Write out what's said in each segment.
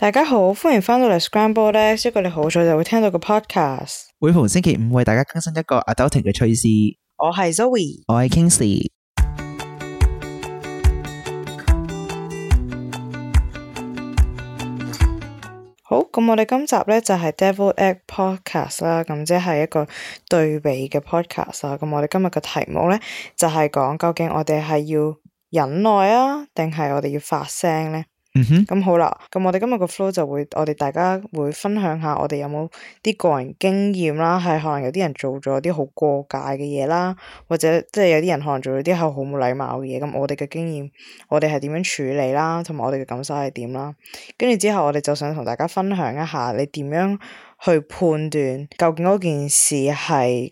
大家好，歡迎翻到嚟 Scrambled Eggs，一個你好早就會聽到嘅 podcast，每逢星期五為大家更新一個 Adulting 嘅趣事。我係 Zoe，我係 Kingsley。好，咁我哋今集咧就係 Devil Egg Podcast 啦，咁即係一個對比嘅 podcast。咁我哋今日嘅題目咧就係講究竟我哋係要忍耐啊，定係我哋要發聲咧？嗯哼，咁好啦，咁我哋今日個 flow 就會，我哋大家會分享下我哋有冇啲個人經驗啦，係可能有啲人做咗啲好過界嘅嘢啦，或者即係、就是、有啲人可能做咗啲係好冇禮貌嘅嘢，咁我哋嘅經驗，我哋係點樣處理啦，同埋我哋嘅感受係點啦，跟住之後我哋就想同大家分享一下你點樣去判斷究竟嗰件事係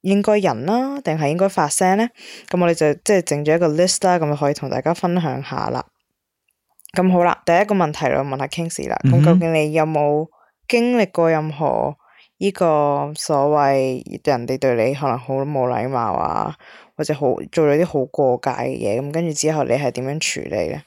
應該忍啦，定係應該發聲咧？咁我哋就即係整咗一個 list 啦，咁就可以同大家分享下啦。咁好啦，第一個問題我問下 Kings 啦。咁、嗯、哼究竟你有冇經歷過任何呢個所謂人哋對你可能好冇禮貌啊，或者好做咗啲好過界嘅嘢？咁跟住之後你係點樣處理咧？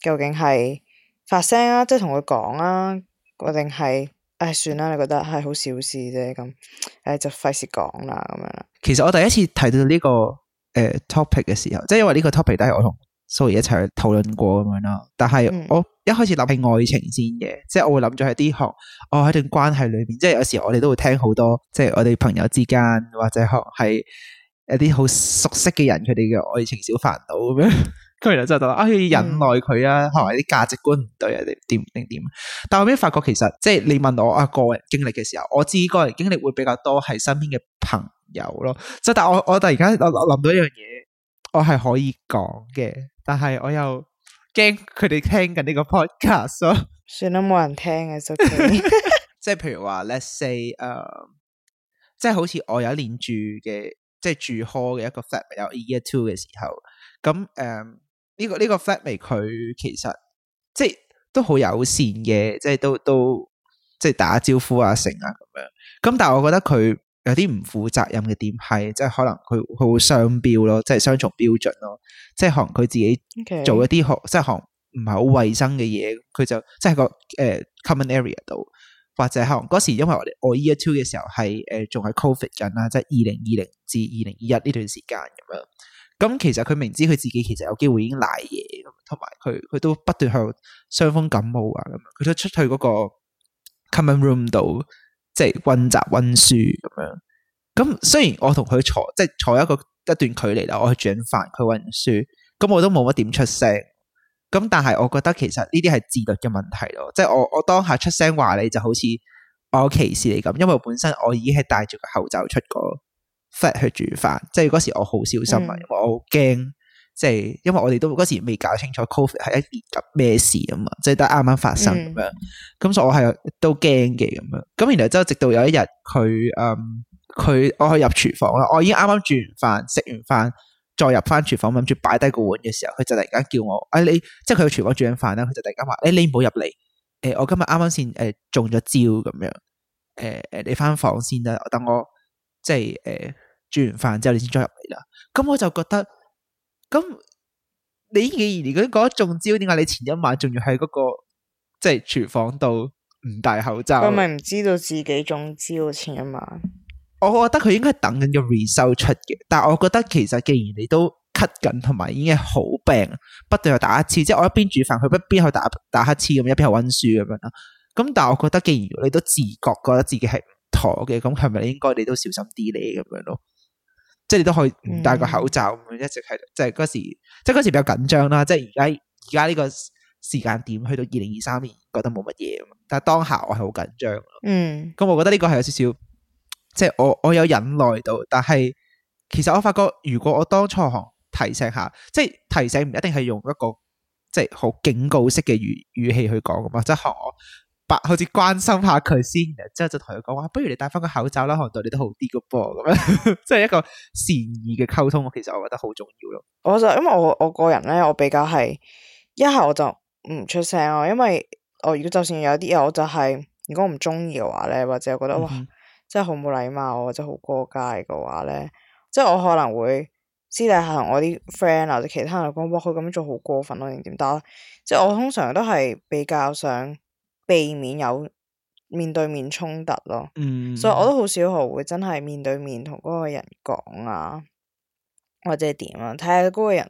究竟係發聲啊，即係同佢講啊，或定係唉算啦？你覺得係好小事啫，咁唉、哎、就費事講啦，咁樣。其實我第一次提到呢、這個誒、呃、topic 嘅時候，即係因為呢個 topic 都係我同。Sorry，一齊去討論過咁樣咯，但係我一開始諗起愛情先嘅，即係我會諗咗喺啲學，我、哦、喺段關係裏面，即係有時我哋都會聽好多，即係我哋朋友之間或者學係一啲好熟悉嘅人，佢哋嘅愛情小煩惱咁樣，咁然後就就啊忍耐佢、嗯、啊，學埋啲價值觀唔對啊，定點定點，但後尾發覺其實即係你問我啊個人經歷嘅時候，我自己個人經歷會比較多係身邊嘅朋友咯，就但我我突然間我我諗到一樣嘢，我係可以講嘅。但係我又驚佢哋聽緊呢個 podcast 咯，so，算啦，冇人聽嘅就、okay. 即係譬如話，let's say 誒、uh，即係好似我有一年住嘅，即係住 hall 嘅一個 flat 有 year two 嘅時候，咁誒呢個呢、這個 flatmate 佢其實即係都好友善嘅，即係都都即係打招呼啊成啊咁樣，咁但係我覺得佢。有啲唔負責任嘅點係，即係可能佢佢會雙標咯，即係雙重標準咯，即係可能佢自己做一啲學，Okay. 即係行唔係好衛生嘅嘢，佢就即係個誒、呃、common area 度，或者可能嗰時因為我哋我 year two 嘅時候係誒仲、呃、係 covid 緊啦，即係二零二零至二零二一呢段時間咁樣，咁其實佢明知佢自己其實有機會已經瀨嘢，同埋佢佢都不斷向度傷風感冒啊，咁佢都出去嗰個 common room 度。即係溫習溫書咁樣，咁雖然我同佢坐，即係坐一個一段距離啦，我去煮緊飯，佢溫書，咁我都冇乜點出聲，咁但係我覺得其實呢啲係自律嘅問題咯，即係我我當下出聲話你就好似我歧視你咁，因為本身我已經係戴住個口罩出個 fit 去煮飯，即係嗰時我好小心啊，因為、嗯、我好驚。即係，因為我哋都嗰時未搞清楚，Covid 係一件咩事啊嘛，即係都啱啱發生咁樣，咁、嗯、所以我係都驚嘅咁樣。咁然後之後，直到有一日佢，嗯，佢我去入廚房啦，我已經啱啱煮完飯，食完飯，再入翻廚房，諗住擺低個碗嘅時候，佢就突然間叫我，誒、哎、你，即係佢喺廚房煮緊飯啦，佢就突然間話，誒、哎、你唔好入嚟，誒、呃、我今日啱啱先誒中咗招咁樣，誒、呃、誒你翻房先啦，我等我即係誒、呃、煮完飯之後你先再入嚟啦。咁我就覺得。咁你既然而家講中招，點解你前一晚仲要喺嗰個即係廚房度唔戴口罩？我咪唔知道自己中招前一晚。我覺得佢應該等緊個 result 出嘅，但係我覺得其實既然你都咳緊，同埋已經係好病，不斷去打乞嗤，即係我一邊煮飯，佢不邊去打打乞嗤咁，一邊去溫書咁樣啦。咁但係我覺得既然你都自覺覺得自己係唔妥嘅，咁係咪應該你都小心啲咧咁樣咯？即係你都可以唔戴個口罩，咁樣一直係即係嗰時，即係嗰時比較緊張啦。即係而家而家呢個時間點，去到二零二三年，覺得冇乜嘢。但係當下我係好緊張。嗯，咁我覺得呢個係有少少，即係我我有忍耐到，但係其實我發覺，如果我當初學提醒下，即係提醒唔一定係用一個即係好警告式嘅語語氣去講咁嘛，即係吓我。好似關心下佢先，之後就同佢講：哇，不如你戴翻個口罩啦，可能對你都好啲嘅噃。咁樣，即 係一個善意嘅溝通。其實我覺得好重要咯。我就因為我我個人咧，我比較係一係我就唔出聲咯，因為我如果就算有啲嘢，我就係、是、如果唔中意嘅話咧，或者我覺得、嗯、哼哇，真係好冇禮貌，或者好過界嘅話咧，即係我可能會私底下同我啲 friend 或者其他人講：哇，佢咁樣做好過分咯，定點打？即係我通常都係比較想。避免有面對面衝突咯，嗯、所以我都好少學會真係面對面同嗰個人講啊，或者點啊，睇下嗰個人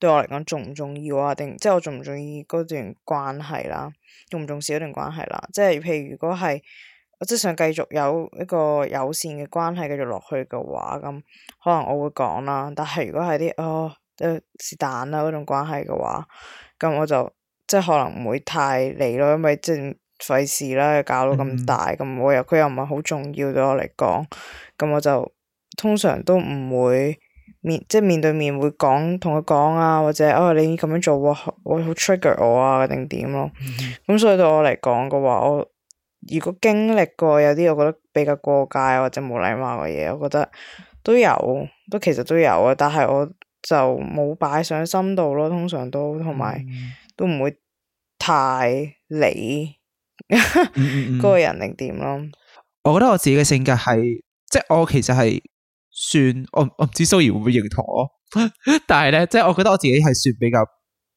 對我嚟講重唔重要啊，定即係我重唔重意嗰段關係啦，重唔重視嗰段關係啦。即係譬如如果係我即係想繼續有一個友善嘅關係繼續落去嘅話，咁、嗯、可能我會講啦。但係如果係啲哦，誒是但啦嗰種關係嘅話，咁、嗯、我就～即係可能唔會太理咯，因為即係費事啦，搞到咁大咁我 又佢又唔係好重要對我嚟講，咁我就通常都唔會面即係面對面會講同佢講啊，或者哦你咁樣做，我我好 trigger 我啊定點咯，咁、啊、 所以對我嚟講嘅話，我如果經歷過有啲我覺得比較過界或者冇禮貌嘅嘢，我覺得都有，都其實都有啊，但係我就冇擺上心度咯，通常都同埋。 都唔會太理嗰個人定點咯。我覺得我自己嘅性格係，即係我其實係算我我唔知蘇怡、er、會唔會認同我。但係咧，即係我覺得我自己係算比較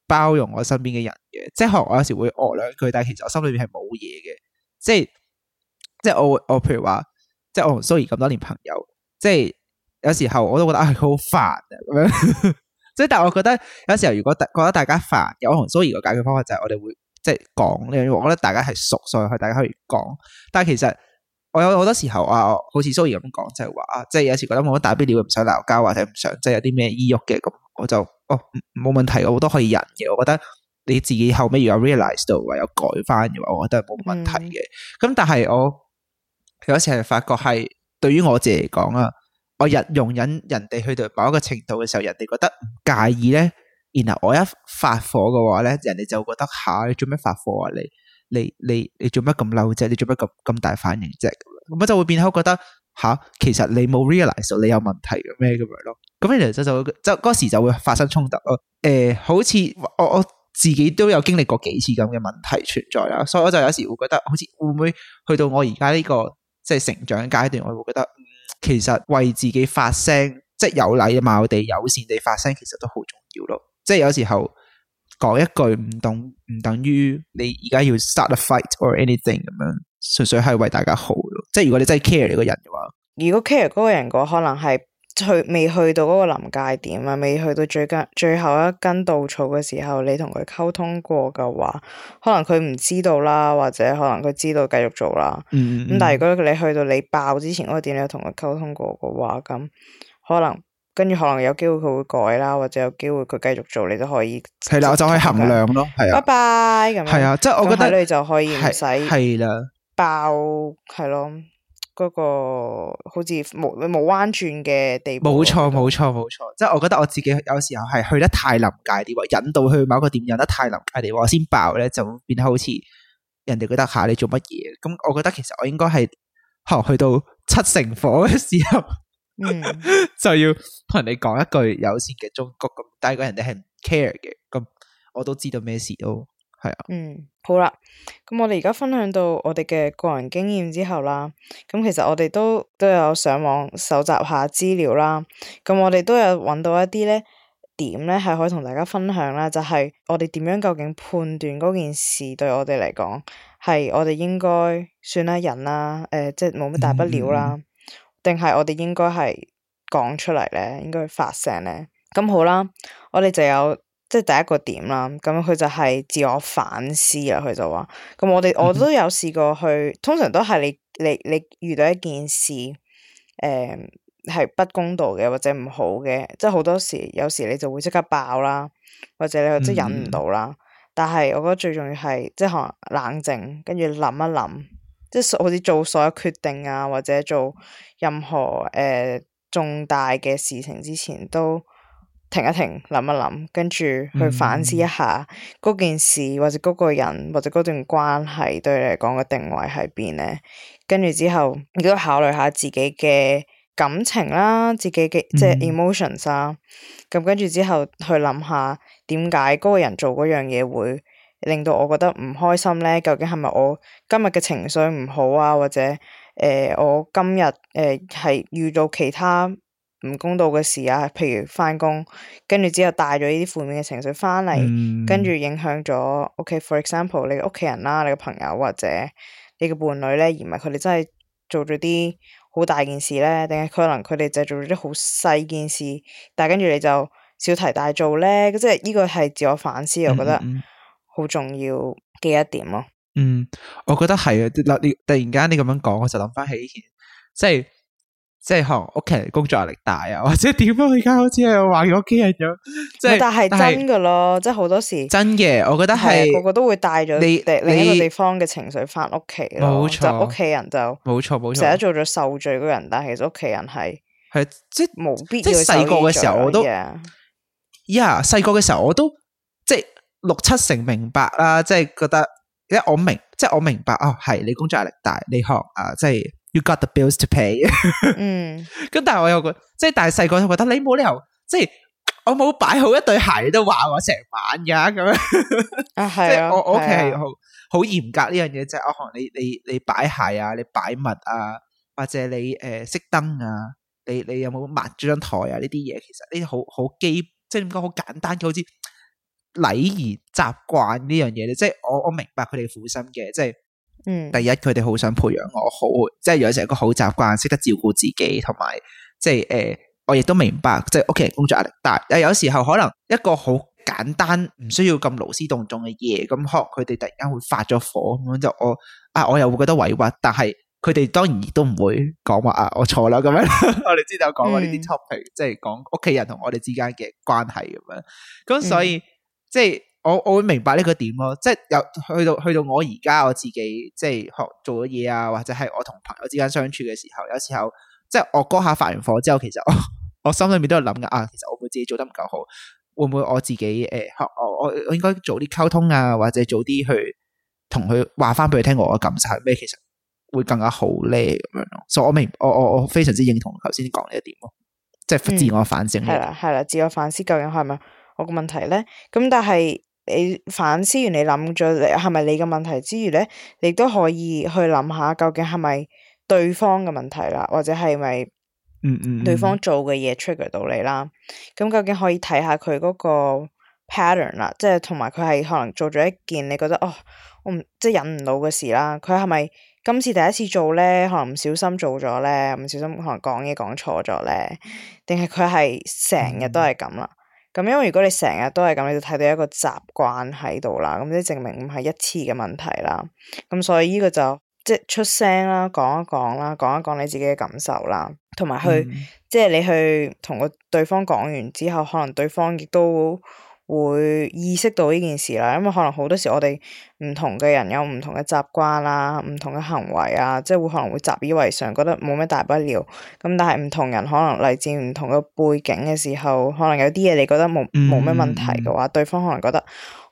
包容我身邊嘅人嘅。即係可能我有時會惡兩句，但係其實我心裏邊係冇嘢嘅。即係即係我我譬如話，即係我同蘇怡咁多年朋友，即係有時候我都覺得啊好煩咁樣。 即係，但係我覺得有時候如果大覺得大家煩，我同蘇怡個解決方法就係我哋會即係講呢，我覺得大家係熟，所以佢大家可以講。但係其實我有好多時候啊，好似蘇怡咁講，就係話啊，即係有時覺得冇乜大不了，唔想鬧交或者唔想，即係有啲咩抑鬱嘅咁，我就哦，冇問題，我都可以忍嘅。我覺得你自己後尾要有 realize 到唯有改翻嘅話，我覺得冇問題嘅。咁、嗯、但係我有時係發覺係對於我自己嚟講啊。我日容忍人哋去到某一個程度嘅時候，人哋覺得唔介意咧，然後我一發火嘅話咧，人哋就會覺得吓，你做咩發火啊？你你你你做乜咁嬲啫？你做乜咁咁大反應啫？咁樣咁就會變好覺得吓，其實你冇 realize 到你有問題嘅咩咁樣咯。咁然後就就就嗰時就會發生衝突咯。誒、呃，好似我我自己都有經歷過幾次咁嘅問題存在啦，所以我就有時會覺得，好似會唔會去到我而家呢個即係成長階段，我會覺得。其實為自己發聲，即係有禮啊嘛，我哋友善地發聲，其實都好重要咯。即係有時候講一句唔懂，唔等於你而家要 start a fight or anything 咁樣，純粹係為大家好咯。即係如果你真係 care 你個人嘅話，如果 care 嗰個人嘅話，可能係。去未去到嗰個臨界點啊，未去到最根最後一根稻草嘅時候，你同佢溝通過嘅話，可能佢唔知道啦，或者可能佢知道繼續做啦。咁、嗯嗯、但係如果你去到你爆之前嗰個點，你同佢溝通過嘅話，咁可能跟住可能有機會佢會改啦，或者有機會佢繼續做，你都可以。係啦，就係衡量咯，係啊。拜拜。咁樣。係啊樣，即係、就是、我覺得你就可以唔使的。係啦。爆係咯。嗰個好似冇冇彎轉嘅地步，冇錯冇錯冇錯，即係我覺得我自己有時候係去得太臨界啲喎，引到去某個點引得太臨界啲我先爆咧，就變得好似人哋覺得嚇、啊、你做乜嘢？咁我覺得其實我應該係學、啊、去到七成火嘅時候，嗯， 就要同人哋講一句友善嘅忠告咁，但係個人哋係唔 care 嘅，咁我都知道咩事喎。係啊，嗯，好啦，咁我哋而家分享到我哋嘅個人經驗之後啦，咁其實我哋都都有上網搜集下資料啦，咁我哋都有揾到一啲咧點咧係可以同大家分享啦，就係、是、我哋點樣究竟判斷嗰件事對我哋嚟講係我哋應該算啦忍啦、啊，誒、呃、即係冇乜大不了啦，定係、嗯嗯、我哋應該係講出嚟咧，應該發聲咧，咁好啦，我哋就有。即係第一個點啦，咁佢就係自我反思啦、啊。佢就話，咁我哋我都有試過去，通常都係你你你遇到一件事，誒、呃、係不公道嘅或者唔好嘅，即係好多時有時你就會即刻爆啦，或者你即忍唔到啦。嗯嗯。但係我覺得最重要係即係可能冷靜，跟住諗一諗，即係好似做所有決定啊，或者做任何誒、呃、重大嘅事情之前都。停一停，諗一諗，跟住去反思一下嗰件事，或者嗰個人，或者嗰段關係對你嚟講嘅定位喺邊呢？跟住之後亦都考慮下自己嘅感情啦，自己嘅即係 emotion 啦。咁跟住之後去諗下點解嗰個人做嗰樣嘢會令到我覺得唔開心呢？究竟係咪我今日嘅情緒唔好啊？或者誒、呃、我今日誒係遇到其他？唔公道嘅事啊，譬如翻工，跟住之後帶咗呢啲負面嘅情緒翻嚟，跟住、嗯、影響咗屋企、okay, for example，你嘅屋企人啦、啊，你嘅朋友或者你嘅伴侶咧，而唔係佢哋真係做咗啲好大件事咧，定係可能佢哋就做咗啲好細件事，但係跟住你就小題大做咧，即係呢個係自我反思，嗯嗯、我覺得好重要嘅一點咯、啊。嗯，我覺得係啊，你突然間你咁樣講，我就諗翻起以前，即係。即係學屋企人工作壓力大啊，或者點樣啊？而家好似係話咗屋企人咁，即係但係真噶咯，是即係好多時真嘅。我覺得係個個都會帶咗你另一個地方嘅情緒翻屋企，冇錯錯。屋企人就冇錯冇錯，成日做咗受罪嗰人，錯但係其實屋企人係係即係冇必要。即係細個嘅時候，我都，呀細個嘅時候我都 Yeah.、yeah, 即係六七成明白啦，即係覺得，因為我明即係我明白，我明白哦，係你工作壓力大，你學啊，即係。You got the bills to pay。 嗯，咁但係我又覺，即係但係細個就覺得你冇理由，即係我冇擺好一對鞋，你都話我成晚噶咁樣。啊，係即啊，嗯、我我屋企係好好嚴格呢樣嘢，即係我可能你你你擺鞋啊，你擺物啊，或者你誒熄燈啊，你你有冇抹張台啊？呢啲嘢其實呢啲好好基，即係點講好簡單嘅，好似禮儀習慣呢樣嘢咧。即係我我明白佢哋苦心嘅，即係。即嗯，第一佢哋好想培養我好，即係養成一個好習慣，識得照顧自己，同埋即係誒，我亦都明白，即係屋企人工作壓力大，啊，有時候可能一個好簡單唔需要咁勞師動眾嘅嘢，咁學佢哋突然間會發咗火咁樣就我啊，我又會覺得委屈，但係佢哋當然都唔會講話啊，我錯啦咁樣。嗯、 我哋、嗯、之前有講過呢啲 topic，即係講屋企人同我哋之間嘅關係咁樣，咁所以即係。嗯我我會明白呢個點咯，即係有去到去到我而家我自己，即係學做咗嘢啊，或者係我同朋友之間相處嘅時候，有時候即係我嗰下發完火之後，其實我，我心裏面都有諗㗎，啊，其實我會自己做得唔夠好，會唔會我自己誒、欸，我我我應該早啲溝通啊，或者早啲去同佢話返俾佢聽我嘅感受係咩？其實會更加好咧咁樣咯。嗯、所以我，我明我我我非常之認同頭先講呢一點咯，即係自我反省係啦，係啦，自我反思究竟係咪我個問題咧？咁但係。你反思完，你諗咗你係咪你嘅問題之餘咧，你都可以去諗下究竟係咪對方嘅問題啦，或者係咪嗯嗯對方做嘅嘢 trigger 到你啦？咁究竟可以睇下佢嗰個 pattern 啦，即係同埋佢係可能做咗一件你覺得哦，我唔即係忍唔到嘅事啦。佢係咪今次第一次做咧，可能唔小心做咗咧，唔小心可能講嘢講錯咗咧，定係佢係成日都係咁啦？咁因為如果你成日都係咁，你就睇到一個習慣喺度啦，咁即係證明唔係一次嘅問題啦。咁所以呢個就即係、就是、出聲啦，講一講啦，講一講你自己嘅感受啦，同埋去即係、嗯、你去同個對方講完之後，可能對方亦都。會意識到呢件事啦，因為可能好多時我哋唔同嘅人有唔同嘅習慣啦、啊，唔同嘅行為啊，即係會可能會習以為常，覺得冇咩大不了。咁但係唔同人可能嚟自唔同嘅背景嘅時候，可能有啲嘢你覺得冇冇咩問題嘅話，嗯、對方可能覺得。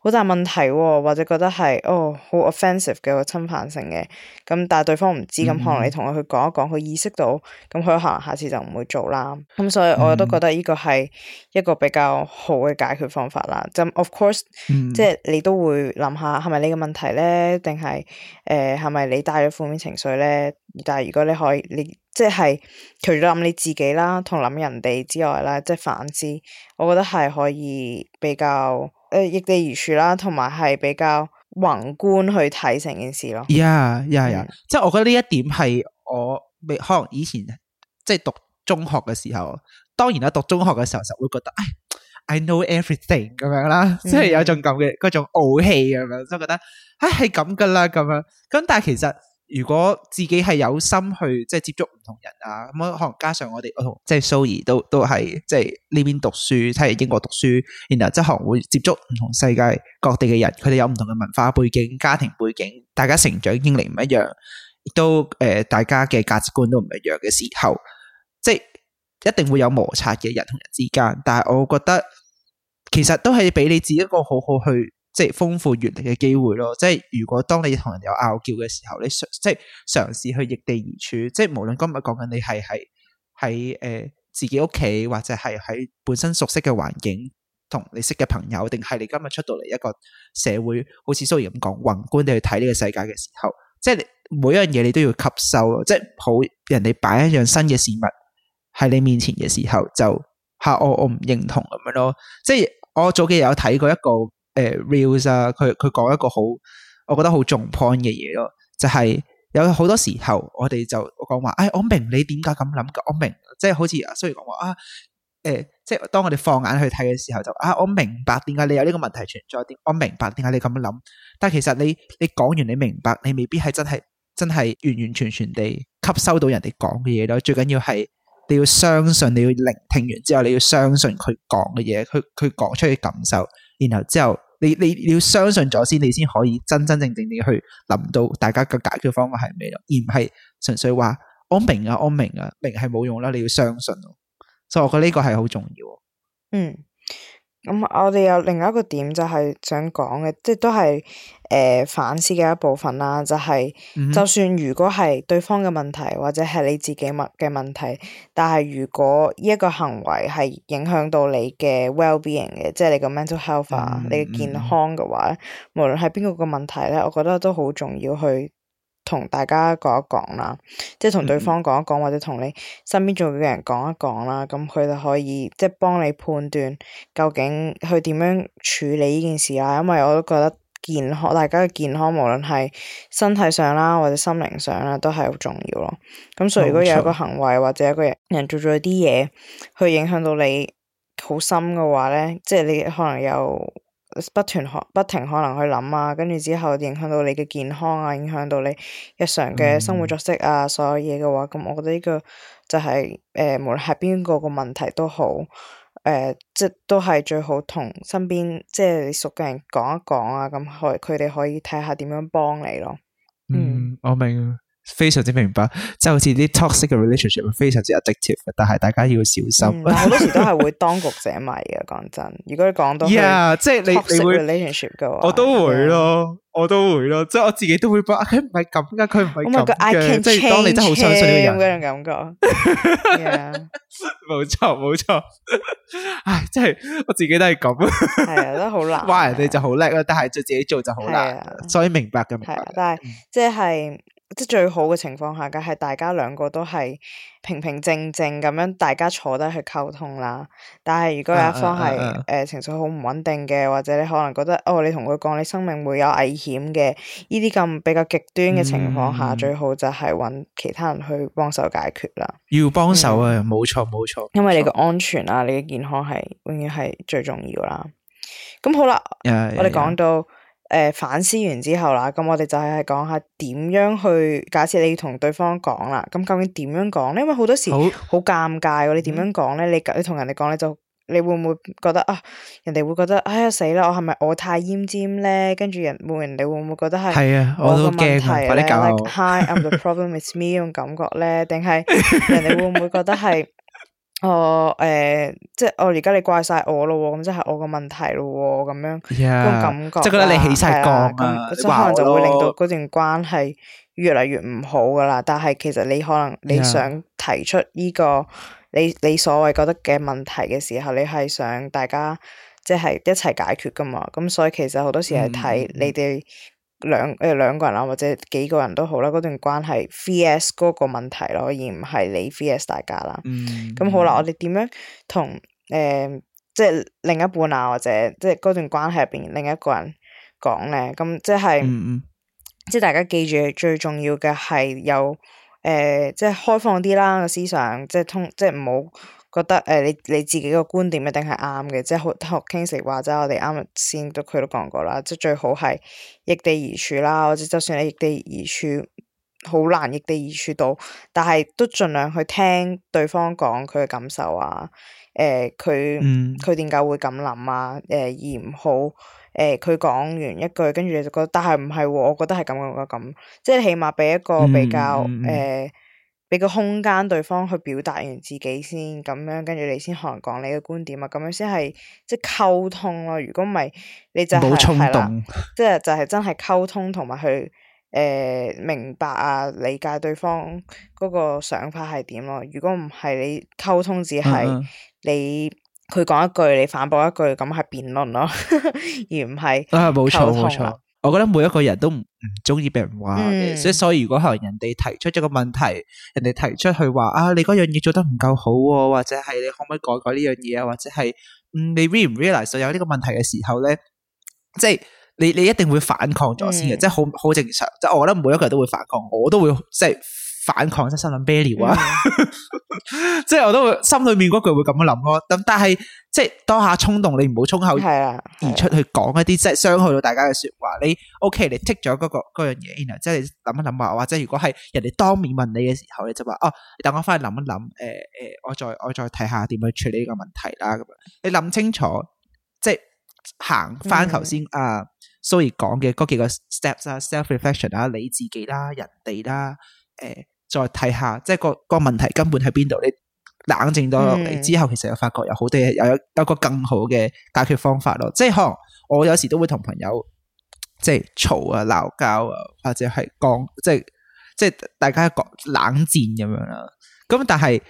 好大問題，啊，或者覺得係哦好 offensive 嘅，侵犯性嘅咁。但係對方唔知咁，嗯、哼可能你同佢去講一講，佢意識到咁，佢可能下次就唔會做啦。咁、嗯、所以我都覺得呢個係一個比較好嘅解決方法啦。咁、嗯、of course，、嗯、即係你都會諗下係咪你嘅問題咧，定係誒係咪你帶咗負面情緒咧？但係如果你可以，你即係除咗諗你自己啦，同諗人哋之外啦，即係反思，我覺得係可以比較。誒，易地而處啦，同埋係比較宏觀去睇成件事咯。yeah，yeah，yeah，即係我覺得呢一點係我未可能以前即係讀中學嘅時候，當然啦，讀中學嘅時候就會覺得，哎，I know everything 咁樣啦，即係有種咁嘅嗰種傲氣咁樣，即係覺得，唉，係咁噶啦，咁樣、嗯、樣，咁但係其實。如果自己係有心去即係接觸唔同人啊，咁可能加上我哋我同即係 Zoe 都都係即係呢邊讀書，喺英國讀書，然後即係學會接觸唔同世界各地嘅人，佢哋有唔同嘅文化背景、家庭背景，大家成長經歷唔一樣，亦都誒、呃、大家嘅價值觀都唔一樣嘅時候，即係一定會有摩擦嘅人同人之間。但係我覺得其實都係俾你自己一個好好去。即係豐富閱歷嘅機會咯，即係如果當你同人有拗撬嘅時候，你嘗即係嘗試去逆地而處，即係無論今日講緊你係係喺誒自己屋企，或者係喺本身熟悉嘅環境，同你識嘅朋友，定係你今日出到嚟一個社會，好似蘇怡咁講，宏觀地去睇呢個世界嘅時候，即係每一樣嘢你都要吸收咯，即係唔好，人哋擺一樣新嘅事物喺你面前嘅時候，就吓我我唔認同咁樣咯。即係我早幾日有睇過一個。誒，reels 啊，佢佢講一個好，我覺得好重 point 嘅嘢咯，就係有好多時候我哋就講話，哎，我明你點解咁諗噶，我明，即係好似雖然講話啊，誒，即係當我哋放眼去睇嘅時候，就啊，我明白點解你有呢個問題存在，點，我明白點解你咁樣諗，但係其實你你講完你明白，你未必係真係真係完完全全地吸收到人哋講嘅嘢咯，最緊要係你要相信，你要聆聽完之後，你要相信佢講嘅嘢，佢佢講出嘅感受，然後之後。你你你要相信咗先，你先可以真真正正地去諗到大家嘅解決方法係咩咯，而唔係純粹話我明啊，我明啊，明係冇用啦，你要相信咯，所以我覺得呢個係好重要。嗯。咁我哋有另外一個點就係想講嘅，即係都係誒、呃、反思嘅一部分啦。就係、是嗯、哼就算如果係對方嘅問題，或者係你自己物嘅問題，但係如果呢一個行為係影響到你嘅 well-being 嘅，即係你嘅 mental health 啊、嗯哼，你嘅健康嘅話，嗯、哼無論係邊個嘅問題咧，我覺得都好重要去。同大家講一講啦，即係同對方講一講，或者同你身邊做嘅人講一講啦，咁佢就可以即係幫你判斷究竟佢點樣處理呢件事啦。因為我都覺得健康，大家嘅健康無論係身體上啦，或者心靈上啦，都係好重要咯。咁所以，如果有一個行為或者有個人，人做咗啲嘢去影響到你好深嘅話呢，即係你可能有。不斷可不停可能去諗啊，跟住之後影響到你嘅健康啊，影響到你日常嘅生活作息啊，所有嘢嘅話，咁我覺得呢個就係、是、誒、呃，無論係邊個個問題都好，誒、呃，即都係最好同身邊即係你熟嘅人講一講啊，咁可佢哋可以睇下點樣幫你咯。嗯，嗯，我明。非常之明白，即係好似啲 toxic 嘅 relationship 非常之 addictive，但係大家要小心。但係好多時都係會當局者迷嘅，講真。如果講到，yeah，即係你你會 relationship 嘅，我都會咯，我都會咯，即係我自己都會唔係咁嘅，佢唔係咁嘅，即係當你真係好相信嘅人嗰種感覺。冇錯冇錯，唉，真係我自己都係咁。係啊，都好難。話人哋就好叻咯，但係做自己做就好難，所以明白嘅明白，但係即係。即係最好嘅情況下，梗係大家兩個都係平平靜靜咁樣，大家坐低去溝通啦。但係如果有一方係誒、啊啊啊呃、情緒好唔穩定嘅，或者你可能覺得哦，你同佢講你生命會有危險嘅，呢啲咁比較極端嘅情況下，嗯、最好就係揾其他人去幫手解決啦。要幫手啊！冇錯冇錯，錯錯因為你嘅安全啊，你嘅健康係永遠係最重要啦。咁好啦，我哋講到。誒，反思完之後啦，咁我哋就係係講下點樣去假設你要同對方講啦，咁究竟點樣講咧？因為好多時好尷尬喎很，你點樣講咧？你你同人哋講咧，就你會唔會覺得啊？人哋會覺得唉呀死啦，我係咪我太醃尖咧？跟住人，人會人哋會唔會覺得係？係啊，我都驚，幫你教我。Hi，I'm the problem with me，咁種 感覺咧，定係人哋會唔會覺得係？哦，誒、呃，即係哦，而家你怪晒我咯，咁即係我個問題咯，咁樣，嗰 Yeah. 種感覺，即係覺得你起晒槓啊，了即可能就會令到嗰段關係越嚟越唔好噶啦。但係其實你可能你想提出呢個你 Yeah. 你所謂覺得嘅問題嘅時候，你係想大家即係、就是、一齊解決噶嘛？咁所以其實好多時係睇你哋、嗯。兩誒、呃、兩個人啊，或者幾個人都好啦，嗰段關係 VS 嗰個問題咯，而唔係你 VS 大家啦。咁、嗯、好啦，嗯、我哋點樣同誒、呃、即係另一半啊，或者即係嗰段關係入邊另一個人講咧？咁即係、嗯、即係大家記住，最重要嘅係有誒、呃，即係開放啲啦個思想，即係通，即係唔好。覺得誒、呃，你你自己個觀點一定係啱嘅，即係好似 Kingsley 話齋，我哋啱先都佢都講過啦，即係最好係逆地而處啦，或者就算你逆地而處，好難逆地而處到，但係都盡量去聽對方講佢嘅感受啊，誒、呃，佢佢點解會咁諗啊？誒、呃，而唔好誒，佢、呃、講完一句，跟住你就覺得，但係唔係喎，我覺得係咁樣嘅咁，即係、嗯、起碼俾一個比較誒。嗯嗯嗯俾個空間對方去表達完自己先，咁樣跟住你先可能講你嘅觀點啊，咁樣先係即係溝通咯。如果唔係，你就係、是、係冇衝動啦，即係就係、是、真係溝通同埋去誒、呃、明白啊理解對方嗰個想法係點咯。如果唔係，你溝通只係你佢講、嗯、哼一句，你反駁一句，咁係辯論咯， 而唔係溝通、啊我覺得每一個人都唔中意俾人話，所以如果係人哋提出咗一個問題，人哋提出去話啊，你嗰樣嘢做得唔夠好，或者係你可唔可以改改呢樣嘢啊，或者係你 real 唔 realize 有呢個問題嘅時候咧，即係你你一定會反抗咗先嘅，即係好好正常。即係我覺得每一個人都會反抗，我都會即係。反抗即係心諗卑聊啊！即係我都心裏面嗰句會咁樣諗咯。咁、mm hmm. 嗯、但係即係當下衝動，你唔好衝口而出去講一啲即係傷害到大家嘅說話。你 O、OK, K，你剔咗嗰個嗰樣嘢，然後即係諗一諗啊，或者如果係人哋當面問你嘅時候，你就話哦、啊，等我翻去諗一諗。誒、呃、誒、呃，我再我再睇下點去處理呢個問題啦。咁樣你諗清楚，即係行翻頭先啊，Zoe 講嘅嗰幾個 steps 啊，self reflection 啊，你自己啦，人哋啦，誒、呃。再睇下，即係個個問題根本喺邊度？你冷靜咗落嚟之後，其實又發覺有好多嘢，有有個更好嘅解決方法咯。即係，可能我有時都會同朋友即係嘈啊、鬧交啊，或者係講，即係即係大家講冷戰咁樣啦。咁但係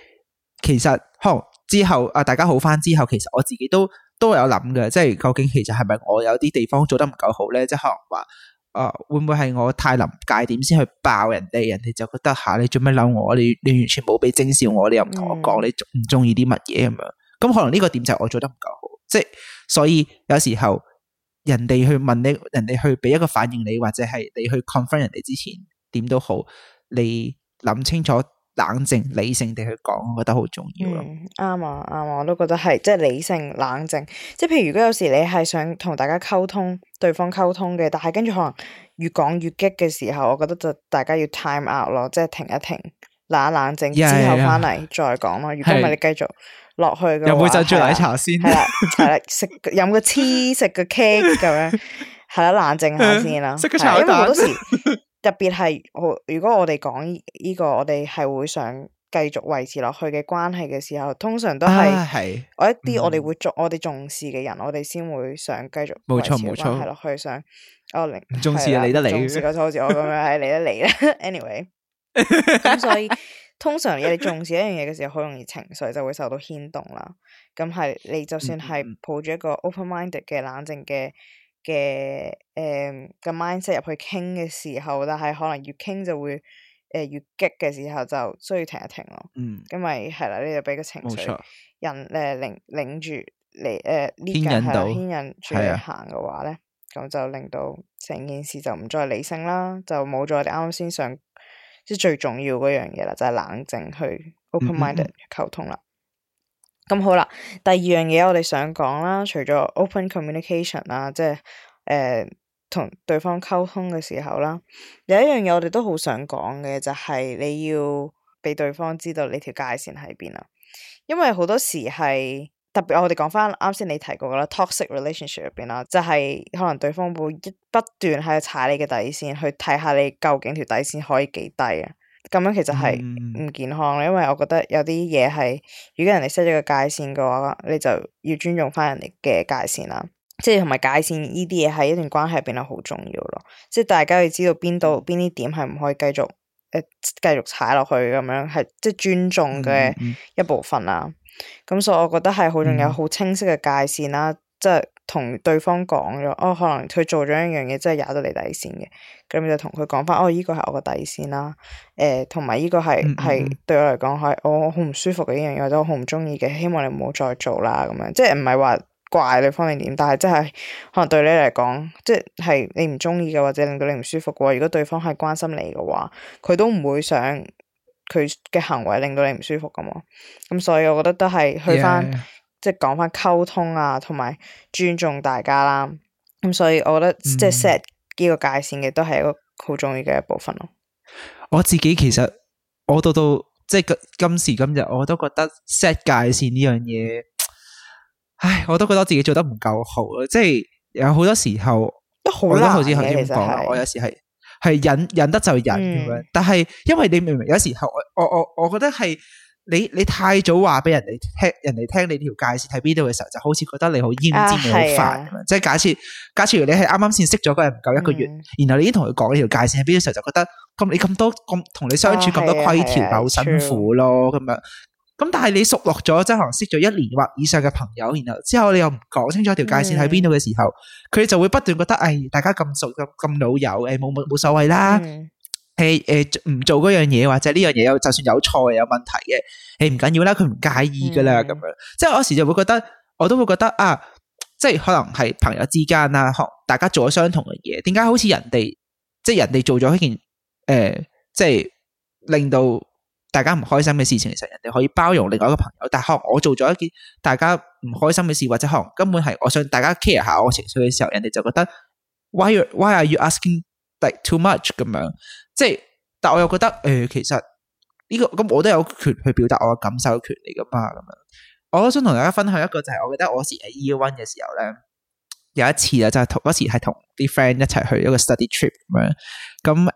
其實，可能之後啊，大家好翻之後，其實我自己都都有諗嘅。即係究竟其實係咪我有啲地方做得唔夠好咧？即係，可能話。誒、啊，會唔會係我太臨界點先去爆人哋？人哋就覺得吓、啊，你做咩嬲我？你你完全冇俾徵兆我，你又唔同我講、嗯、你唔中意啲乜嘢咁樣？咁可能呢個點就係我做得唔夠好，即係所以有時候人哋去問你，人哋去俾一個反應你，或者係你去 confirm 人哋之前，點都好，你諗清楚。冷靜理性地去講，我覺得好重要咯。啱、嗯、啊，啱啊，我都覺得係即係理性冷靜。即係譬如如果有時你係想同大家溝通，對方溝通嘅，但係跟住可能越講越激嘅時候，我覺得就大家要 time out 咯，即係停一停，冷冷靜 yeah, 之後翻嚟再講咯。Yeah, 如果唔係你繼續落去嘅話又會就住奶茶先係啦，係啦、啊，食飲、啊啊、個黐食個，個 cake 咁樣，係啦、啊，冷靜下先啦。食 yeah, 個茶蛋。 特別係我如果我哋講呢個，我哋係會想繼續維持落去嘅關係嘅時候，通常都係我一啲、啊、我哋會做、我哋重視嘅人，我哋先會想繼續冇錯冇錯係落去想我重視嚟、嗯嗯、對得嚟，重視我咁樣係嚟得嚟。啦。Anyway，咁所以通常你哋重視一樣嘢嘅時候，好容易情緒就會受到牽動啦。咁係你就算係抱住一個 open mind 嘅冷靜嘅嘅誒個 mindset 入去傾嘅時候，但係可能越傾就會誒、呃、越激嘅時候，就需要停一停咯。嗯。因為係啦，你就俾個情緒人誒錯領領住嚟誒呢個係牽引住嚟行嘅話咧，咁、嗯、就令到成件事就唔再理性啦，就冇咗我哋啱啱先想即係最重要嗰樣嘢啦，就係、是、冷靜去 open minded 溝、嗯、哼通啦。咁好啦，第二樣嘢我哋想講啦，除咗 open communication 啦、啊，即係誒、呃、同對方溝通嘅時候啦，有一樣嘢我哋都好想講嘅，就係、是、你要俾對方知道你條界線喺邊啊，因為好多時係特別我哋講翻啱先你提過嘅啦，toxic relationship 入邊啦，就係、是、可能對方會不斷喺度踩你嘅底線，去睇下你究竟條底線可以幾低啊。咁樣其實係唔健康，嗯、因為我覺得有啲嘢係，如果人哋 set 咗個界線嘅話，你就要尊重翻人哋嘅界線啦。即係同埋界線呢啲嘢喺一段關係入邊係好重要咯。即係大家要知道邊度邊啲點係唔可以繼續誒繼、呃、續踩落去咁樣，係即係尊重嘅一部分啦。咁、嗯嗯、所以我覺得係好重要，好、嗯、清晰嘅界線啦，即係。同對方講咗，哦，可能佢做咗一樣嘢，真係踩到你底線嘅，咁就同佢講翻，哦，依個係我個底線啦、啊，誒、呃，同埋依個係係、嗯嗯、對我嚟講係我好唔舒服嘅一樣嘢，我都好唔中意嘅，希望你唔好再做啦，咁樣，即係唔係話怪對方係點，但係即係可能對你嚟講，即係你唔中意嘅或者令到你唔舒服嘅話，如果對方係關心你嘅話，佢都唔會想佢嘅行為令到你唔舒服噶嘛，咁所以我覺得都係去翻。Yeah. 即係講翻溝通啊，同埋尊重大家啦。咁所以我覺得、嗯、即係 set 呢個界線嘅，都係一個好重要嘅一部分咯。我自己其實我到到即係今時今日，我都覺得 set 界線呢樣嘢，唉，我都覺得自己做得唔夠好咯。即係有好多時候都，都好難嘅，其實係我有時係係忍忍得就忍咁樣。嗯、但係因為你明唔明？有時候我我我我，我覺得係。你你太早話俾人哋聽，人哋聽你條界線喺邊度嘅時候，就好似覺得你好醃尖，oh, 你好煩咁樣。即係是、啊、假設假設，如你係啱啱先識咗個人唔夠一個月，嗯、然後你已經同佢講呢條界線喺邊度嘅時候，就覺得咁你咁多咁同你相處咁、oh, 是啊、多規條，好、啊啊、辛苦咯咁 true 樣。咁但係你熟落咗即可能識咗一年或以上嘅朋友，然後之後你又唔講清楚條界線喺邊度嘅時候，佢、嗯、就會不斷覺得，誒、哎，大家咁熟咁咁老友，誒，冇冇冇所謂啦。嗯誒誒，唔、欸呃、做嗰樣嘢，或者呢樣嘢有，就算有錯有問題嘅，誒唔緊要啦，佢唔介意噶啦，咁、嗯、樣，即係有時就會覺得，我都會覺得啊，即係可能係朋友之間啊，大家做咗相同嘅嘢，點解好似人哋即係人哋做咗一件誒，即係令到大家唔開心嘅事情，其實人哋可以包容另外一個朋友，但係我做咗一件大家唔開心嘅事，或者可能根本係我想大家 care 下我情緒嘅時候，人哋就覺得 Why are, why are you asking？太、like、too much 咁樣，即係，但我又覺得誒、呃，其實呢、這個咁我都有權去表達我嘅感受嘅權利㗎嘛，咁樣。我都想同大家分享一個就係、是，我覺得我是 E one 嘅時候咧，有一次啊，就係同嗰時係同啲 friend 一齊去一個 study trip 咁樣。咁誒，嗰、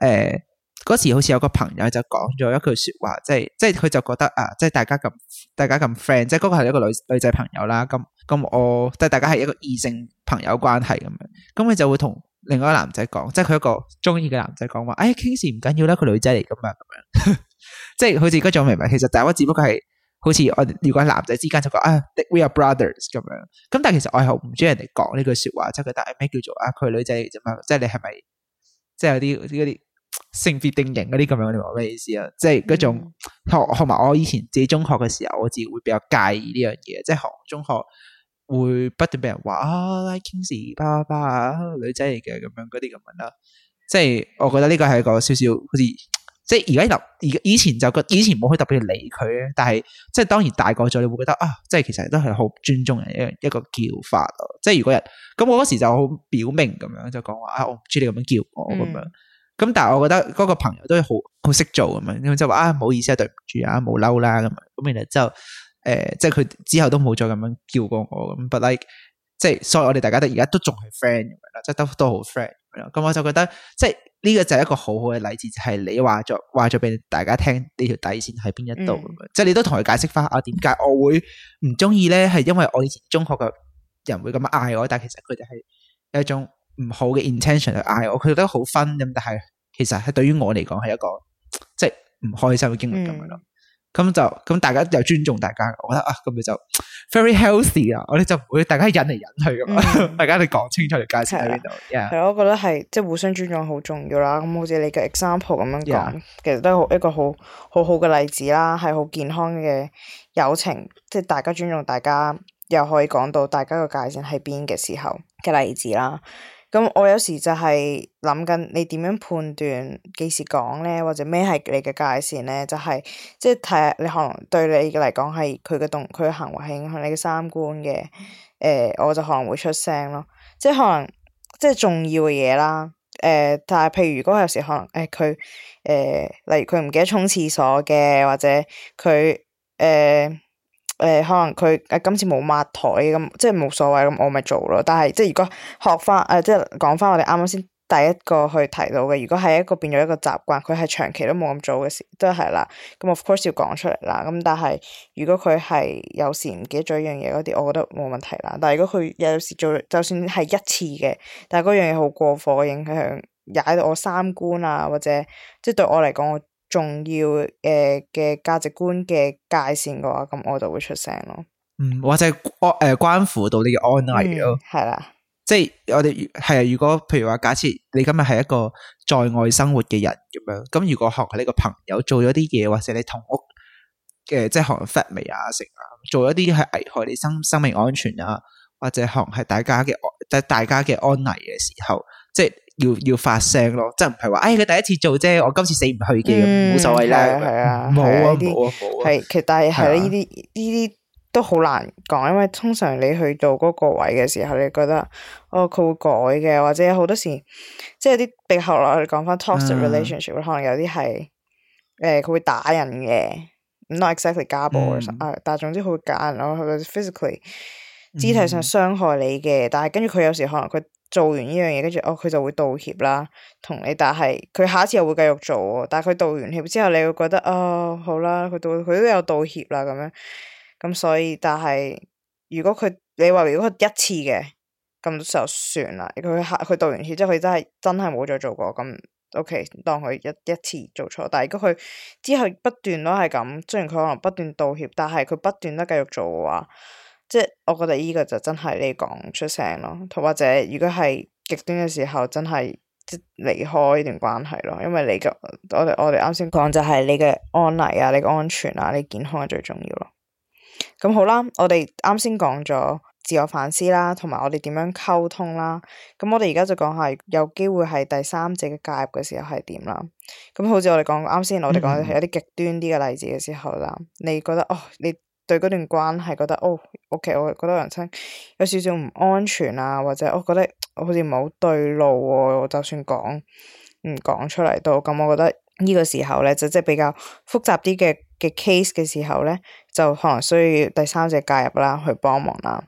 呃、時好似有個朋友就講咗一句說話，即係即係佢就覺得啊，即係大家咁，大家咁 friend，即係嗰個係一個女女仔朋友啦。咁咁我即係大家係一個異性朋友關係咁樣，咁佢就會同。另外一個男仔講，即係佢一個中意嘅男仔講話，哎呀，歧事唔緊要啦，佢女仔嚟噶嘛，咁樣，呵呵即係好似嗰種明明其實大家，我只不過係好似我如果係男仔之間就講，啊，we are brothers 咁樣。咁但係其實我係好唔中意人哋講呢句說話，即係覺得咩叫做啊，佢女仔嚟啫嘛，即係你係咪即係有啲嗰啲性別定型嗰啲咁樣？你話咩意思啊？即係嗰種學學埋我以前自己中學嘅時候，我自己會比較介意呢樣嘢，即係學中學。會不斷俾人話啊，Like Kingsley 啊，爸爸女仔嚟嘅，咁樣嗰啲咁樣啦，即係我覺得呢個係一個少少，好似即係而家又而以前就個以前冇去特別理佢，但係即係當然大個咗，你會覺得啊，即係其實都係好尊重人一個一個叫法咯。即係如果人咁，那我嗰時就好表明咁樣就講話啊，我唔知你咁樣叫我咁樣，咁、嗯、但係我覺得嗰個朋友都好好識做咁樣，咁就話啊，唔好意思啊，對唔住啊，冇嬲啦咁，咁然之後。誒、呃，即係佢之後都冇再咁樣叫過我咁，but like 即係所以我哋大家都而家都仲係 friend 咁樣啦，即係都都好 friend 咁。咁我就覺得，即係呢、這個就係一個好好嘅例子，係、就係、你話咗話咗俾大家聽呢條底綫喺邊一度咁樣，嗯、即係你都同佢解釋翻啊，點解我會唔中意咧？係因為我以前中學嘅人會咁樣嗌我，但係其實佢哋係一種唔好嘅 intention 去嗌我，佢哋覺得好 fun 咁，但係其實係對於我嚟講係一個即係唔開心嘅經歷咁樣咯。嗯嗯。咁就咁，大家又尊重大家，我覺得啊，咁咪就 very healthy 啊。我哋就會大家忍嚟忍去噶、嗯、 大家你講清楚嘅界線喺呢度，係咯的 Yeah.？我覺得係即係互相尊重好重要啦。咁好似你嘅 example 咁樣講，Yeah. 其實都係一個好好好嘅例子啦，係好健康嘅友情，即、就、係、是、大家尊重大家，又可以講到大家嘅界線喺邊嘅時候嘅例子啦。咁我有時就係諗緊你點樣判斷幾時講咧，或者咩係你嘅界線咧？就係、是、即係睇下你可能對你嘅嚟講係佢嘅動佢行為影響你嘅三觀嘅，誒、呃、我就可能會出聲咯，即係可能即係重要嘅嘢啦，誒、呃、但係譬如如果有時可能誒佢誒例如佢唔記得沖廁所嘅或者佢誒。呃誒、呃、可能佢誒今次冇抹台咁，即係冇所謂咁，我咪做咯。但係即係如果學翻誒、呃，即係講翻我哋啱啱先第一個去提到嘅，如果係一個變咗一個習慣，佢係長期都冇咁做嘅事，都係啦。咁 of course 要講出嚟啦。咁但係如果佢係有時唔記得咗一樣嘢嗰啲，我覺得冇問題啦。但係如果佢有時做，就算係一次嘅，但係嗰樣嘢好過火嘅影響，踩到我三觀啊，或者即係對我嚟講重要誒嘅價值觀嘅界線嘅話，咁我就會出聲咯，嗯，或者係誒、呃、關乎到你嘅安危咯，係啦，嗯，即係我哋係啊。如果譬如話，假設你今日係一個在外生活嘅人咁樣，咁如果好似你個朋友做咗啲嘢，或者你同屋嘅，呃、即係好似 f a t 未啊，食啊，做咗啲係危害你生生命安全啊，或者好似係大家嘅即係大家嘅安危嘅時候，即係。要要發聲咯，即係唔係話，哎佢第一次做啫，我今次死唔去嘅，冇、嗯、所謂啦，冇啊冇啊冇啊，係、啊，但係係呢啲呢啲都好難講，因為通常你去到嗰個位嘅時候，你覺得哦佢會改嘅，或者好多時即係啲背後我哋講翻 toxic relationship，、嗯、可能有啲係誒佢會打人嘅，not exactly 家暴啊、嗯，但係總之佢會打人咯，佢會 physically 肢體上傷害你嘅，但係跟住佢有時可能佢。做完呢樣嘢，跟住哦，佢就會道歉啦，同你。但係佢下一次又會繼續做喎。但係佢道完歉之後，你會覺得啊、哦，好啦，佢都佢都有道歉啦，咁樣。咁所以，但係如果佢你話如果佢一次嘅咁就算啦。佢下佢道完歉之後，佢真係真係冇再做過。咁 OK，當佢一一次做錯。但係如果佢之後不斷都係咁，雖然佢可能不斷道歉，但係佢不斷都繼續做嘅話。即係我覺得呢個就真係你講出聲咯，同或者如果係極端嘅時候，真係即係離開呢段關係咯。因為你嘅我哋我哋啱先講就係你嘅安危啊、你嘅安全啊、你健康係最重要咯。咁好啦，我哋啱先講咗自我反思啦，同埋我哋點樣溝通啦。咁我哋而家就講下有機會係第三者嘅介入嘅時候係點啦。咁好似我哋講啱先，嗯、我哋講一啲極端啲嘅例子嘅時候啦，嗯、你覺得哦你。對嗰段關係覺得哦，OK，我覺得人生有少少唔安全啊，或者我覺得好似唔係好對路喎，啊。我就算講唔講出嚟都，咁我覺得呢個時候咧就即，是，係比較複雜啲嘅嘅 case 嘅時候咧，就可能需要第三者介入啦，去幫忙啦。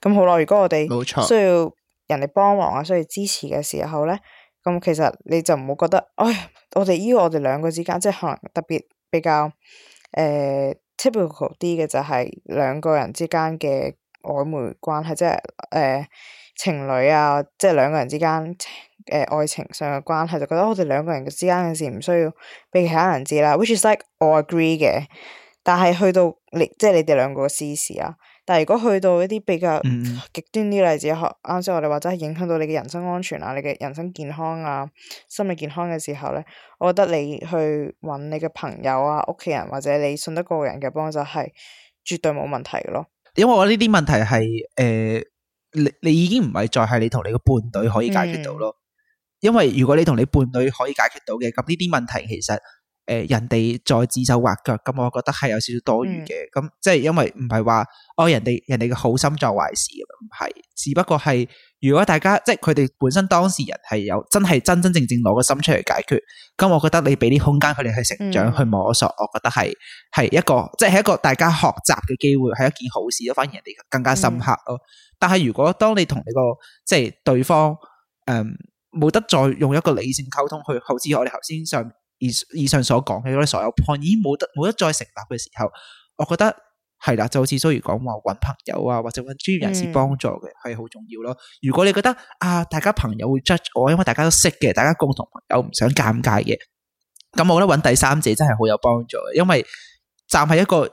咁好啦，如果我哋需要人哋幫忙啊，需要支持嘅時候咧，咁其實你就唔好覺得，唉，哎，我哋呢個我哋兩個之間即係可能特別比較誒。呃 typical 啲嘅就係兩個人之間嘅曖昧關係，即係誒、呃、情侶啊，即係兩個人之間嘅、呃、愛情上嘅關係，就覺得我哋兩個人之間嘅事唔需要俾其他人知啦。Which is like 我 agree 嘅，但係去到你，即係你哋兩個嘅私事啊。但係如果去到一啲比較極端啲例子，啱先、嗯、我哋話真係影響到你嘅人身安全啊，你嘅人身健康啊、心理健康嘅時候咧，我覺得你去揾你嘅朋友啊、屋企人或者你信得過人嘅幫助係絕對冇問題咯。因為我呢啲問題係誒、呃，你你已經唔係再係你同你嘅伴侶可以解決到咯。嗯、因為如果你同你伴侶可以解決到嘅，咁呢啲問題其實。誒，人哋再指手畫腳，咁我覺得係有少少多餘嘅。咁即係因為唔係話哦，人哋人哋嘅好心做壞事咁，唔係。只不過係如果大家即係佢哋本身當事人係有真係真真正正攞個心出嚟解決，咁我覺得你俾啲空間佢哋去成長去摸索，嗯、我覺得係係一個即係、就是、一個大家學習嘅機會，係一件好事咯。反而人哋更加深刻咯。嗯、但係如果當你同你、個即係對方誒冇、嗯、得再用一個理性溝通去，好似我哋頭先上。以以上所講嘅，我所有 point 已經冇得冇得再成立嘅時候，我覺得係啦，就好似 Zoe 講話，揾朋友啊，或者揾專業人士幫助嘅，係好、嗯、重要咯。如果你覺得啊，大家朋友會 judge 我，因為大家都識嘅，大家共同朋友唔想尷尬嘅，咁我覺得揾第三者真係好有幫助嘅，因為站喺一個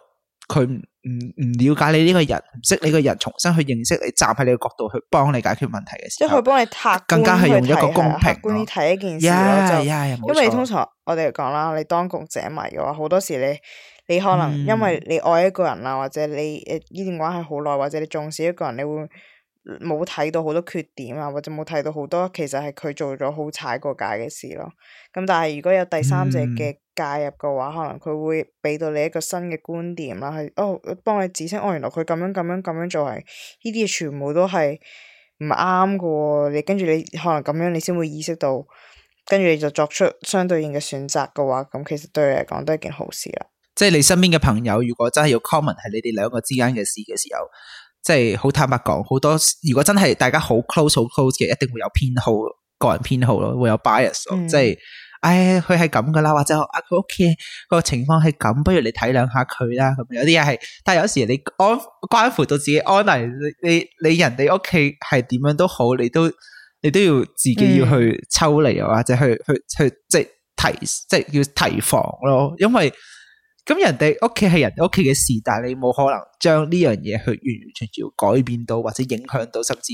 佢。唔唔了解你呢個人，唔識你個人，重新去認識你，站喺你嘅角度去幫你解決問題嘅時候，即佢幫你客觀，更加係用咗一個公平。睇一件事，因為通常錯我哋講啦，你當局者迷嘅話，好多時你你可能因為你愛一個人啦，嗯、或者你誒呢段關係好耐，或者你重視一個人，你會。冇睇到好多缺點啊，或者冇睇到好多其實係佢做咗好踩過界嘅事咯。咁但係如果有第三者嘅介入嘅話，嗯、可能佢會俾到你一個新嘅觀點啦。係哦，幫你指出，哦，原來佢咁樣咁樣咁樣做係呢啲嘢，全部都係唔啱噶。你跟住你可能咁樣，你先會意識到，跟住你就作出相對應嘅選擇嘅話，咁其實對你嚟講都係件好事啦。即係你身邊嘅朋友，如果真係要 comment 係你哋兩個之間嘅事嘅時候。即係好坦白講，好多如果真係大家好 close 好 close 嘅，一定會有偏好，個人偏好咯，會有 bias 咯、嗯。即、哎、係，唉，佢係咁噶啦，或者啊，佢屋企個情況係咁，不如你體諒下佢啦。咁有啲嘢係，但係有時你安關乎到自己安危，你你你人哋屋企係點樣都好，你都你都要自己要去抽離又、嗯、或者去去去，去即係提即係要提防咯，因為。咁人哋屋企係人屋企嘅事，但係你冇可能將呢樣嘢去完完全全改變到，或者影響到，甚至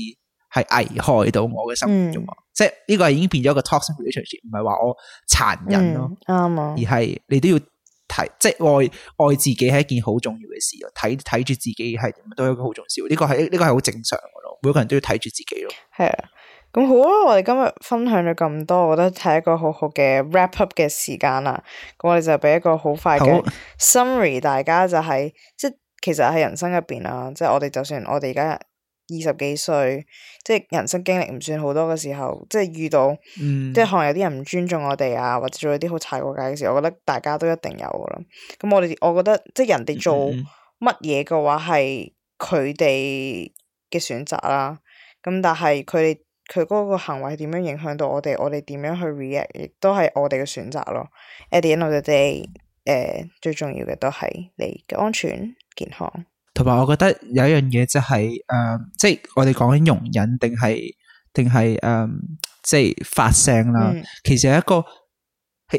係危害到我嘅生活。嗯、即係呢、這個係已經變咗個 toxic relationship，唔係話我殘忍咯，嗯、而係你都要睇，即係愛愛自己係一件好重要嘅事咯。睇睇住自己係點，都係一個好重要。呢、這個係呢、這個係好正常嘅咯，每個人都要睇住自己咯。係啊。咁好啊！我哋今日分享咗咁多，我覺得係一個好好嘅 wrap up 嘅時間啦。咁我哋就俾一個快好快嘅 summary，大家就係、是、即係其實喺人生入邊啊，即係我哋就算我哋而家二十幾歲，即係人生經歷唔算好多嘅時候，即係遇到、嗯、即係可能有啲人唔尊重我哋啊，或者做一啲好踩過界嘅事，我覺得大家都一定有噶啦。咁我哋我覺得即係人哋做乜嘢嘅話，係佢哋嘅選擇啦。咁、嗯、但係佢哋。佢嗰個行為點樣影響到我哋？我哋點樣去 react？亦都係我哋嘅選擇咯。Adrian，我哋誒，最重要嘅都係你嘅安全健康。同埋，我覺得有一樣嘢就係、是、誒、呃，即係我哋講緊容忍，定係定係誒，即係發聲啦、啊。嗯、其實一個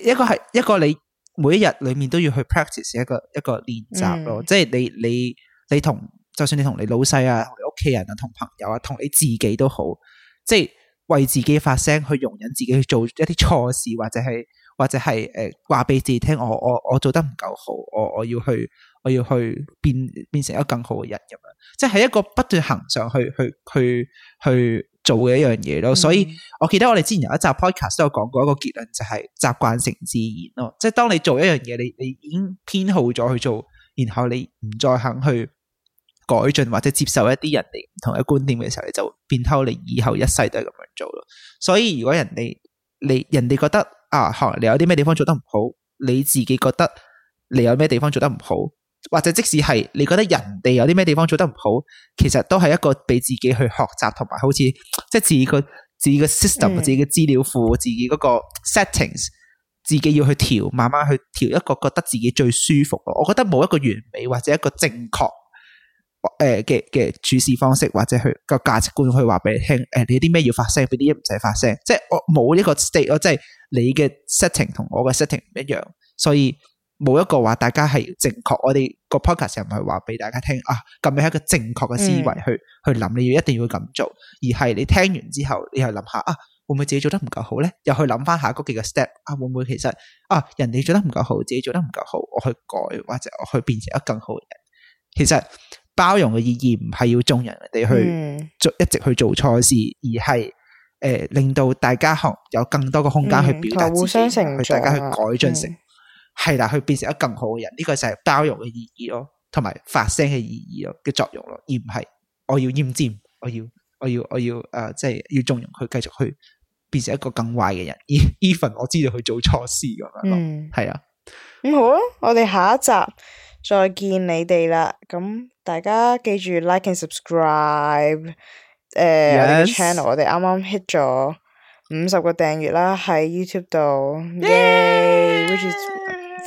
一個係一個你每一日裏面都要去 practice 一個一個練習咯。嗯、即係你你你同就算你同你老細啊、同你屋企人啊、同朋友啊、同你自己都好。即係為自己發聲，去容忍自己去做一啲錯事，或者係或者係誒話俾自己聽，我我我做得唔夠好，我我要去我要去變變成一個更好嘅人咁樣，即係一個不斷行上去去去去做嘅一樣嘢咯。所以我記得我哋之前有一集 podcast 都有講過一個結論，就係習慣成自然咯。即係當你做一樣嘢，你你已經偏好咗去做，然後你唔再肯去改進或者接受一啲人哋唔同嘅觀點嘅時候，你就變偷，你以後一世都係咁樣做咯。所以如果人哋你人哋覺得啊，可能你有啲咩地方做得唔好，你自己覺得你有咩地方做得唔好，或者即使係你覺得人哋有啲咩地方做得唔好，其實都係一個俾自己去學習，同埋好似即係自己個自己個 system 自己、自己嘅資料庫、自己嗰個 settings，自己要去調，慢慢去調一個覺得自己最舒服。我覺得冇一個完美或者一個正確。誒嘅嘅處事方式或者佢個價值觀去話俾你聽，誒、呃、你啲咩要發聲，邊啲唔使發聲，即係我冇一個 state，我即係你嘅 setting 同我嘅 setting 唔一樣，所以冇一個話大家係正確。我哋個 podcast 又唔係話俾大家聽啊，咁樣係一個正確嘅思維去去諗，你要一定要咁做，嗯、而係你聽完之後，你又諗下啊，會唔會自己做得唔夠好咧？又去諗翻下嗰幾個 step 啊，會唔會其實啊人哋做得唔夠好，自己做得唔夠好，我去改或者我去變成一更好嘅人，其實。包容嘅意義唔係要縱人哋去做一直去做錯事，而係誒、欸、令到大家學有更多嘅空間去表達，嗯、互相成大家去改進成係啦，的去變成一個更好嘅人。呢、這個就係包容嘅意義咯，同埋發聲嘅意義咯嘅作用咯，而唔係我要奄尖，我要我要我要誒、呃，即係要縱容佢繼續去變成一個更壞嘅人。而 even 我知道佢做錯事，咁樣咯，係啊。咁好啊，我哋下一集再見你哋啦，咁。大家記住 like and subscribe，誒，我哋嘅 channel 我哋啱啱 hit 咗五十個訂閱啦，喺 YouTube 度，耶，which is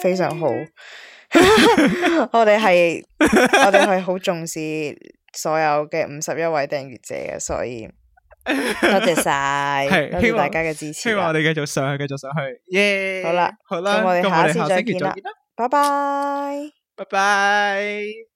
非常好。我哋係我哋係好重視所有嘅五十一位訂閱者嘅，所以多謝晒，多謝大家嘅支持。希望我哋繼續上去，繼續上去，耶！好啦，好啦，我哋下次再見啦，拜拜，拜拜。